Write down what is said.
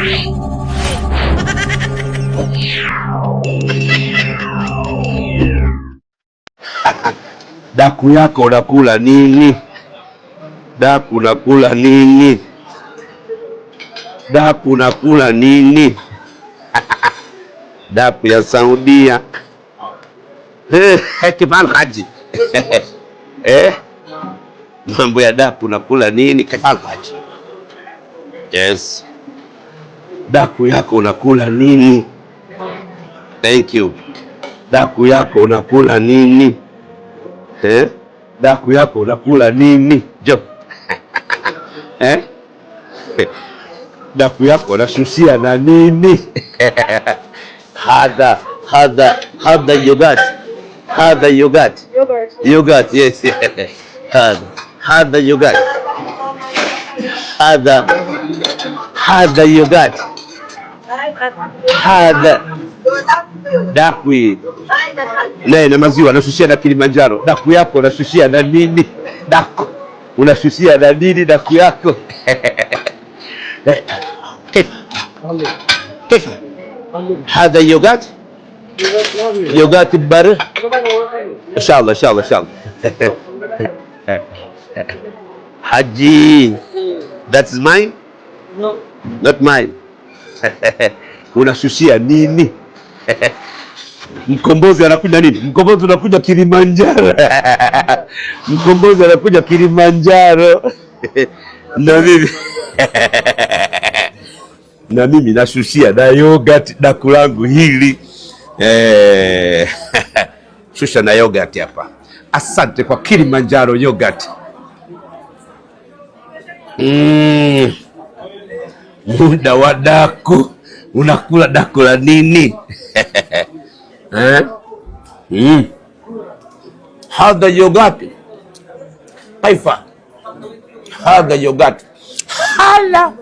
Daku yako unakula nini? Daku unakula nini? Daku unakula nini? Daku ya Saudia eh, haji eh? Mambo ya daku unakula nini? Yes daku yako unakula nini? Thank you. Daku yako unakula nini eh? Daku yako unakula nini jo eh? Daku yako unasusia na nini? hadha hadha hadha yogurt hadha yogurt yogurt yes hadha hadha yogurt hadha hadha yogurt dakwi naye na maziwa nasusia na Kilimanjaro. Daku yako nasusia na nini? Daku unasusia na nini? Daku yako hadha yogati yogati bar inshallah inshallah inshallah Haji, that's mine? No. Not mine. unashushia nini? Mkombozi anakuja nini? Mkombozi unakuja Kilimanjaro. Mkombozi anakuja Kilimanjaro. na mimi na mimi nashushia na yogurt daku kulangu hili eh. Shusha na yogurt hapa. Asante kwa Kilimanjaro yogurt. Mm muda wa daku, unakula daku la nini? eh? hmm. hadha yogati kaifa hadha yogati hala